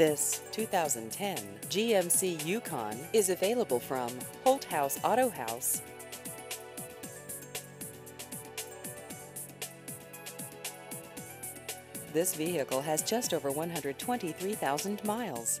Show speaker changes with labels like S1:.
S1: This 2010 GMC Yukon is available from Holt House Auto House. This vehicle has just over 123,000 miles.